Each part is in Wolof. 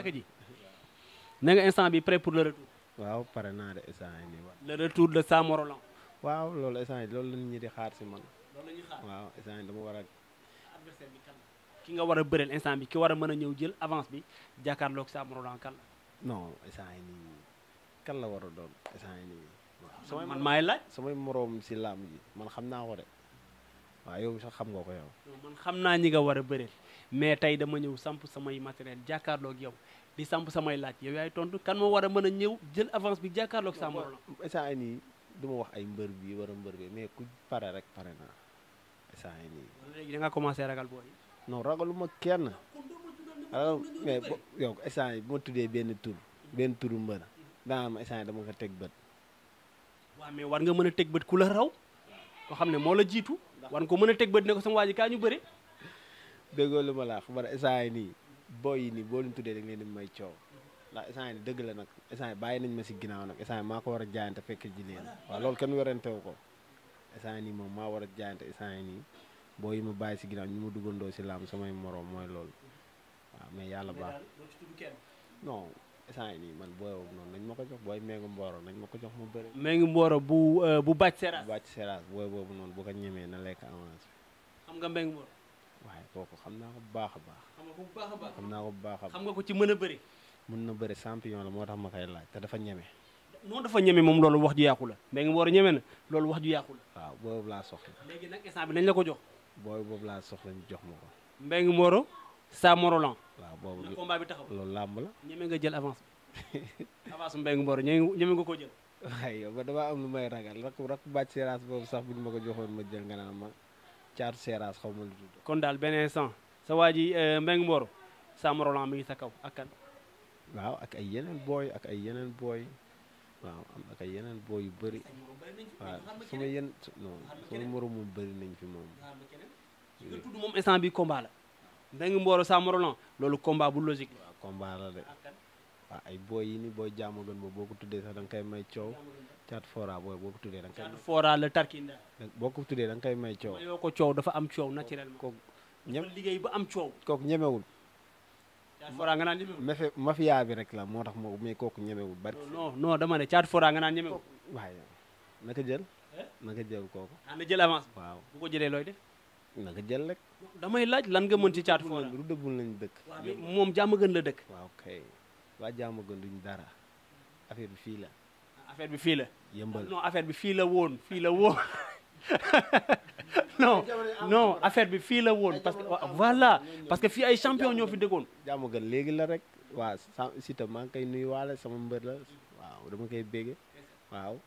naka na nga instant bi prêt pour la retour. waaw pare naa de instant yi nii waaw. le retour de Sam Morolan. waaw lool instant yi lool la nit ñi di xaar si man. la ñuy war ki nga war a bëreel instant bi ki war a mën a ñëw jël avance bi jàkkaarloog Sam Morolan kan la. non instant yi nii kan la war a doon instant yi man maay laaj samay moroom si laam ji man xam naa ko de. Ayo yow sax xam nga ko yow. man xam naa ñi nga war a bëreel mais tey dama ñëw samp samay matériel jàkkaarloog yow di samp samay laaj yow yaay tontu kan moo war a mën a ñëw jël avance bi jàkkaarloog sa morom. instant yii nii du ma wax ay mbër bi war a mbër bi mais ku pare rek pare naa instant yii nii. léegi da nga commencé ragal booy. non ragaluma kenn. alors mais bo yow instant yii bu ma tuddee benn tur benn turu mbër daa am instant yii dama ko teg bët. waaw mais war nga mën a teg bët ku la raw. koo xam ne moo la jiitu. wan ko mën a teg bët ne ko sama waa ji kaa ñu bëre déggoo lu ma laax man instant yi nii boo yi nii boo leen tuddee da nga leen di may coow ndax instant yi dëgg la nag instant yi bàyyi nañ ma si ginnaaw nag instant yi maa ko war a jaayante fekk ji leen waaw loolu kenn werentewu ko instant yi nii moom maa war a jaayante instant yi nii boo yi ma bàyyi si ginnaaw ñu ma duggandoo si laam samay moroom mooy loolu waaw mais yàlla baax non sant ni man booy boobu noonu nañ ma ko jox booy Mengu Mboro nañ ma jox ma bëri. Mengu Mboro bu euh, bu Bac Seras. Bac Seras booy boobu non bu ko ñemee na lekk avance. xam nga Mengu Mboro. waaye kooku xam naa ko bu baax a baax. xam nga ko bu baax a baax. xam naa ko bu baax xam nga ko ci mën a mën na bëri champion la moo ma koy laaj te dafa ñeme. non dafa ñeme moom loolu wax ju yàqu la Mengu Mboro ñeme na loolu wax ju yàqu la. waaw booy boobu laa soxla. léegi nag instant bi nañ la ko jox. booy boobu laa soxla ñu jox ma Mengu Mboro sa morolan waaw boobu la combat bi taxaw loolu làmb la ñeme nga jël avance avance Mbengue Mboro ñeme nga ko jël waaye yow ba damaa am lu may ragal rak rak bàcc seeraas boobu sax bu ñu ma ko joxoon ma jël nga naan ma caatu seeraas xaw ma lu tudd kon daal benn instant sa waa ji Mbengue Mboro sa morolan mi ngi sa kaw ak kan waaw ak ay yeneen booy ak ay yeneen booy waaw am ak ay yeneen booy yu bëri waaw sama yen non sama moroom moom bëri nañ fi moom tudd moom instant bi combat la Mbengue Mboro saa Morolon loolu combat bu logique la. la de waaw ay booy yi ni booy jaamu gën boo ko tuddee sax da nga koy may coow. caatu fora booy boo ko tuddee da nga koy. caatu fora eh, ko tuddee da koy may coow. ko coow dafa am coow naturellement. kooku ñem liggéey ba am coow. kooku ñemewul. caatu fora bi rek la moo tax moo mais kooku ñemewul bari. non non dama ne caatu fora nga naan ñemewul. waaye naka jël. Eh? naka jël kooku. ah na jëlee looy naka jël rek. damay laaj lan nga mën ci caatu foora. lu dëggul lañ dëkk. moom jàmm gën la dëkk. waaw kay waa jàmm duñ dara affaire bi fii la. affaire bi fii la. yëmbal non affaire bi fii la woon fii la woon non non bi fii la woon parce que voilà parce que fii ay champion ñoo fi dëkkoon. jàmm gën léegi la rek waaw Siteu maa ngi koy nuyuwaale sama mbër la waaw dama koy bége waaw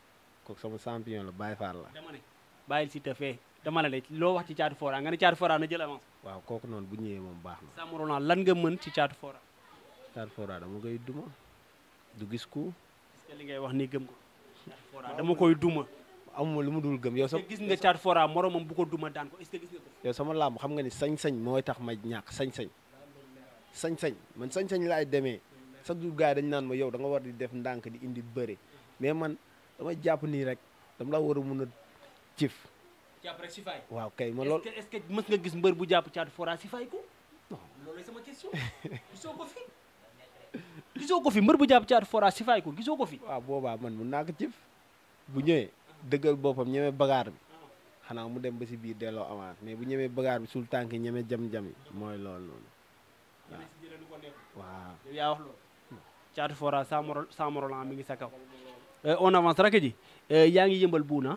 kooku sama champion la Baye Fall la. dama ne fee. dama la léegi loo wax ci caatu fora nga ne caatu fora na jël avance. waaw kooku noonu bu ñëwee moom baax na. Samorona lan nga mën ci caatu fora. caatu fora dama koy duma du gis ku. li ngay wax ni gëm ko. caatu dama koy duma. amuma lu mu dul gëm yow. gis nga caatu fora moromam bu ko duma daan sama làmb xam nga ni sañ-sañ mooy tax ma ñàkk sañ-sañ. sañ-sañ man sañ-sañ laay demee. sa du gars yi naan ma yow da nga war di def ndànk di indi bëre mais man dama jàpp nii rek dama la war a mun a cif jàpp rek waaw kay ma lool est-ce que mës nga gis mbër bu jàpp caatu fora si fay ko. loolu sama ko fi. gisoo mbër bu jàpp caatu fora si fay ko gisoo ko fi. waaw boobaa man mun naa ko bu ñëwee dëggal boppam ñeme bagaar bi xanaa mu dem ba si biir delloo avance mais bu ñemee bagaar bi sul tànk ñeme jam-jam mooy loolu noonu waaw. yow yaa saa moro saa mi ngi sa kaw. Euh, on avance rek euh, yaa ngi yëmbal buuna.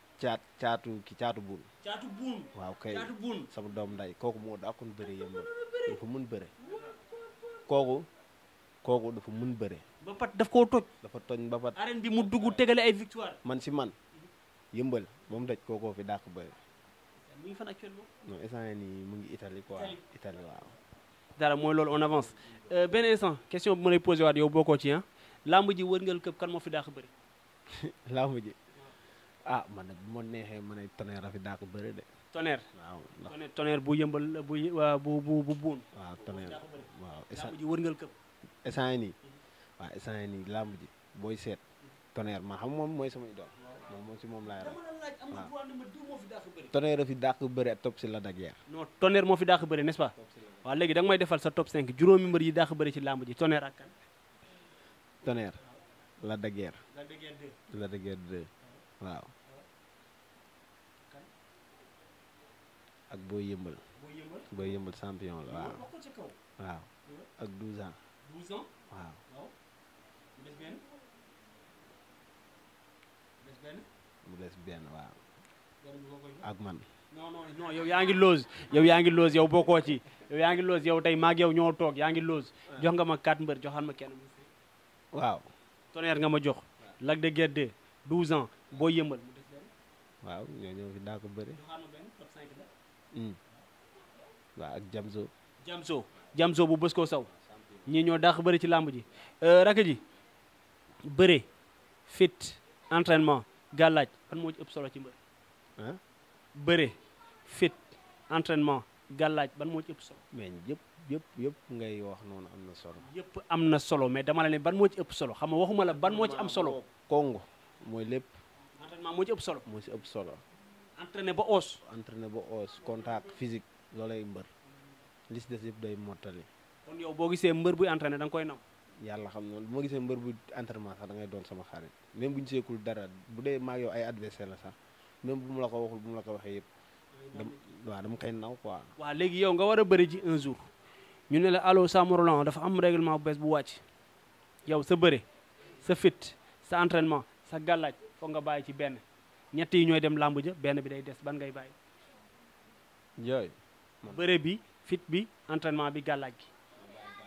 caat caatu ki caatu bun caatu bun waaw kay caatu bun sama doom nday kooku moo dàkkoon bëre yam dafa mun bëre kooku kooku dafa mun bëre ba pat daf koo toj dafa toj ba pat arène bi mu dugg tegale ay victoire man si man yëmbal iya, ba mu daj kookoo fi dàq bëre mu ngi fan actuellement non instant eh, yi mu ngi Italie quoi Italie waaw dara mooy loolu on avance eh, benn instant question bu ma lay posé waat yow bokkoo ci ah lamb ji wërngal këpp kan fi lamb ji ah man nag bu ma neexee ma ne tonnerre a fi daa ko bëri de. tonnerre waaw ndax tonnerre bu yëmbal bu bu bu bu buun. waaw a waaw. làmb ji wërngal këpp. instant yi nii waaw nii làmb ji booy seet tonnerre ma xam moom mooy samay doom moom moom si moom laay rey waaw tonnerre a fi dàq bëri top si la dajeer. non tonnerre moo fi dàq bëri n'est-ce pas. waaw léegi da may defal sa top 5 juróomi mbër yi dàq bëri ci làmb ji tonnerre ak kan. tonnerre la dajeer. la dajeer 2 waaw ak boo yëmbal boo yëmbal champion la waaw waaw ak 12 ans 12 waaw mu des benn waaw ak man non non yow yaa ngi loos yow yaa ngi loos yow bokkoo ci yow yaa ngi loos yow tey maag yow ñoo toog yaa ngi loos jox nga ma quatre mbër joxaan ma kenn waaw tonnerre nga ma jox Lac de Guiers 2 12 ans boo yëmbal mu des waaw ñoo ñoo fi daa ko bëri. Hmm. waaw ak Jamso. Jamso Jamso bu bës koo saw. ñii ñoo daax bëri ci làmb ji euh, rakk ji bëre fit entraînement gàllaaj fan moo ci ëpp solo ci mbër fit entraînement gàllaaj ban moo ci ëpp solo mais yëpp yëpp yëpp ngay wax noonu am na solo yëpp am na solo mais dama la ne ban moo ci ëpp solo xam nga waxuma la ban moo ci am solo kongo mooy lépp entraînement moo ci ëpp solo. moo ci ëpp solo. entraîné ba os. entraîné ba os contact physique loolay mbër li si des yëpp day mottali. kon yow boo gisee mbër buy entraîné da nga koy naw. yàlla xam noonu bu gisee mbër bu entraînement sax da ngay doon sama xarit même bu ñu dara bu dee maag yow ay adversaire la sax même bu mu la ko waxul bu mu la ko waxee yëpp. dama waaw dama kay naw quoi. waaw léegi yow nga war a bëri ji un jour. ñu ne la allo Sam dafa am règlement bu bees bu wàcc yow sa bëre sa fit sa entraînement sa gàllaaj foog nga bàyyi ci benn ñett yi ñooy dem làmb benn bi day des ban ngay bàyyi. yooyu. bëre bi fit bi entraînement bi gàllaaj gi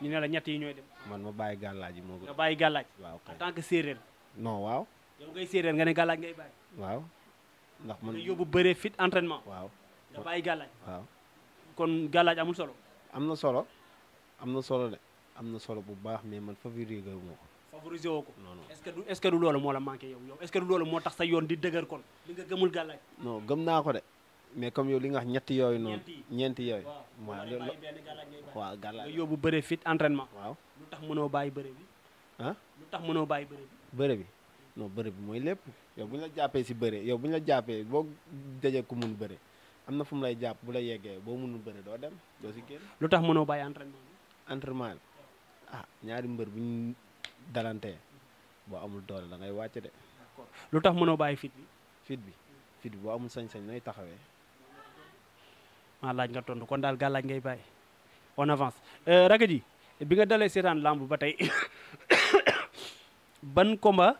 ñu ne la ñett yi ñooy dem. man ma bàyyi gàllaaj yi moo nga bàyyi gàllaaj. waaw en tant que séeréer. non séeréer nga ne gàllaaj ngay bàyyi. waaw ndax man yóbbu bëre fit entraînement. waaw nga gàllaaj. waaw kon gàllaaj amul solo. am na solo am na solo de am na solo bu baax mais man favori wu ma ko. favoriser woko est ce que du est ce que du lolu mo la manqué yow yow est ce que du lolu mo sa yoon di deuguer kon li nga gëmul galaj non gëm na ko de mais comme yow li nga wax ñetti yoy non ñenti yoy wa wa galaj yobu beure fit entraînement waaw lutax mëno bay beure bi han lutax mëno bay beure bi beure bi non beure bi moy lepp yow buñ la jappé ci beure yow buñ la jappé bo dajé ku mën beure amna fum lay japp bu la yeggé bo mënul beure do dem do ci gën lutax mëno bayyi entraînement entraînement ah ñaari mbeur buñ dalante boo amul doole la ngay wàcc de. lu tax mënoo bàyyi fit bi. fit bi fit bi boo amul sañ-sañ nooy taxawee. maa laaj nga tontu kon daal gàllaaj ngay bàyyi on avance euh, raga bi nga dalee seetaan lamb ba tey ban combat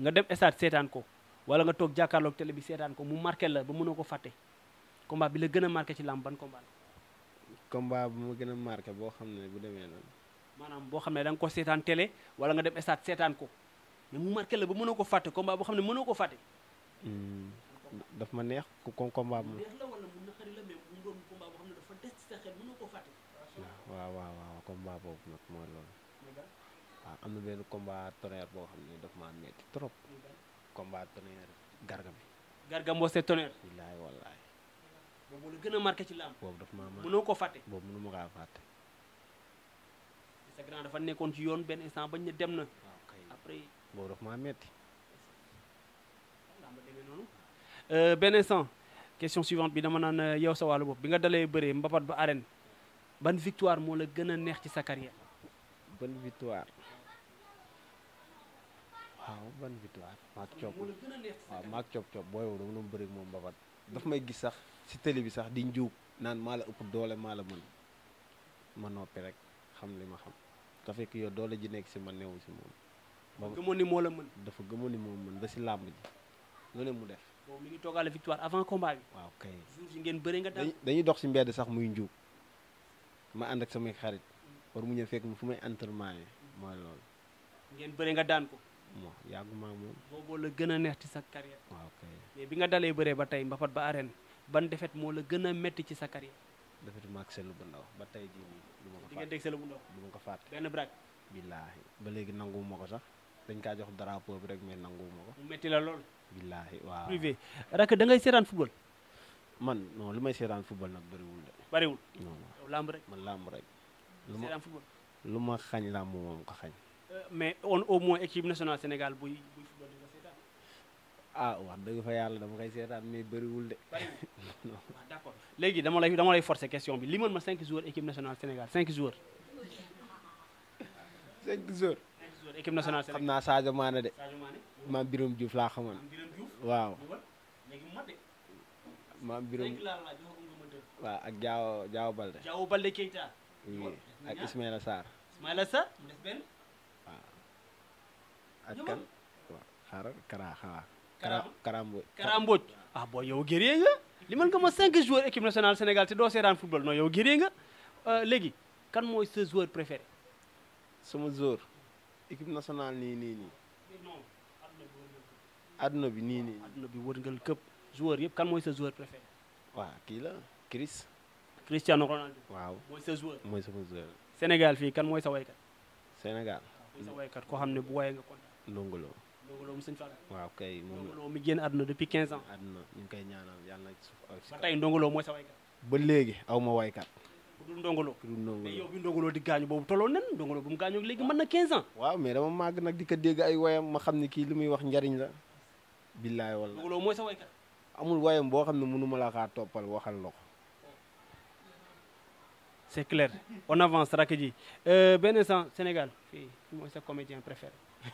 nga dem stade seetaan ko wala nga toog jàkkaarloog télé bi seetaan ko mu marqué la ba mënoo ko fàtte combat bi la gën a marqué ci làmb ban combat la. combat bu ma gën a marqué boo xam ne bu demee noonu. maanaam boo xam ne da ko seetaan télé wala nga dem stade seetaan ko mais mu marqué la ba mënoo ko fàtte combat boo ne mënoo ko fàtte. Hmm, daf ma neex comme combat mu. neex la wala mu naqari la mais mu doon combat boo xam ne boobu nag mooy loolu. waaw am na benn combat tonnerre boo xam ne daf maa metti trop. combat tonnerre garga bi. garga mboose tonnerre. wallaay wallaay. boobu la gën a marqué ci lamb. boobu daf maa mënoo ko fàtte. sa grand dafa nekkoon ci yoon benn instant bañ ne dem na. après boobu dafa maa metti. Euh, benn instant question suivante bi dama naan euh, yow sa wàllu bopp bi nga dalee bëree mbapat ba arène ban victoire moo la gën a neex ci sa carrière. ban victoire waaw ban victoire. maak cop waaw maak cop cop booy yow dama doon bëri mbapat daf may gis sax si télé bi sax di doole ma rek xam li ma xam ka fekk yow doole ji nekk si man newu si moom. moom gëmoon ni moo la mën. dafa gëmoon ni moo mën ba si làmb ji loolu mu def. boobu mi ngi toogaale victoire avant combat bi. waaw kay jour yi ngeen bëri nga daal dañuy dox si mbedd sax muy njuub ma ànd ak samay xarit. war mu ñëw fekk mu fu may entraînement yi mooy loolu. ngeen bëri nga daan ko. mo yàgguma moom. booboo la gën a neex ci sa carrière. waaw kay mais bi nga dalee bëree ba tey mbafat ba arène ban defet moo la gën a métti ci sa carrière. defet maag seetlu bu ndaw ba tey jii digganteeg sëla bu ndaw du ma ko fàtte benn braak billaahi ba léegi nanguwuma ko sax dañ kaa jox drapeau bi rek mais nanguwuma ko mu metti lool billaahi waaw privé rak da ngay seetaan football man non lu may seetaan football nag bariwul de bëriwul non lamb rek man lamb rek lu ma lu ma xañ lamb moom ko xañ euh, mais on au moins équipe nationale Sénégal a ah, wax dëgg fa yàlla dama koy seetaan mais bëriwul de. Ah, d'accord léegi dama lay dama lay forcer question bi limal ma 5 joueurs équipe nationale Sénégal 5 joueurs. 5 joueurs. équipe nationale ah, Sénégal xam naa Sadio Mané de. Sadio Mané maam laa xamoon. waaw. waaw ak Diao Diao Balde. Diao Balde Keita. oui ak Ismaïla Sarr. Karambooj Karambooj ah boo yow guerrier nga li mën nga ma cinq joueurs équipe nationale Sénégal te doo seetaan football non yow guerrier nga euh, kan mooy sa joueur préféré sama joueur équipe nationale nii nii nii adduna bi nii nii adduna bi wërngal këpp joueur yëpp kan mooy sa joueur préféré waaw kii la Chris Cristiano Ronaldo waaw mooy sa joueur fii kan mooy sa waykat Sénégal mooy sa koo xam ne bu wayee nga kontaan ndongolo Ndongo Lo mu sëñ Fall waaw kay moom mi génn àdduna depuis 15 ans àdduna ñu ngi koy ñaanal yàlla suuf ba tey Ndongo Lo mooy sa waykat ba léegi aw ma waykat ku Ndongo Lo ku Ndongo Lo yow bi Ndongo Lo di gaañu boobu toloo nen Ndongo Lo bu mu gaañoo léegi mën na 15 ans waaw mais dama màgg nag di ko dégg ay wayam ma xam ne kii li muy wax njariñ la billaay wala Ndongo Lo mooy sa waykat amul wayam boo xam ne mënuma la kaa toppal waxal la ko c'est clair on avance rakk ji euh, benn instant Sénégal fii mooy sa comédien préféré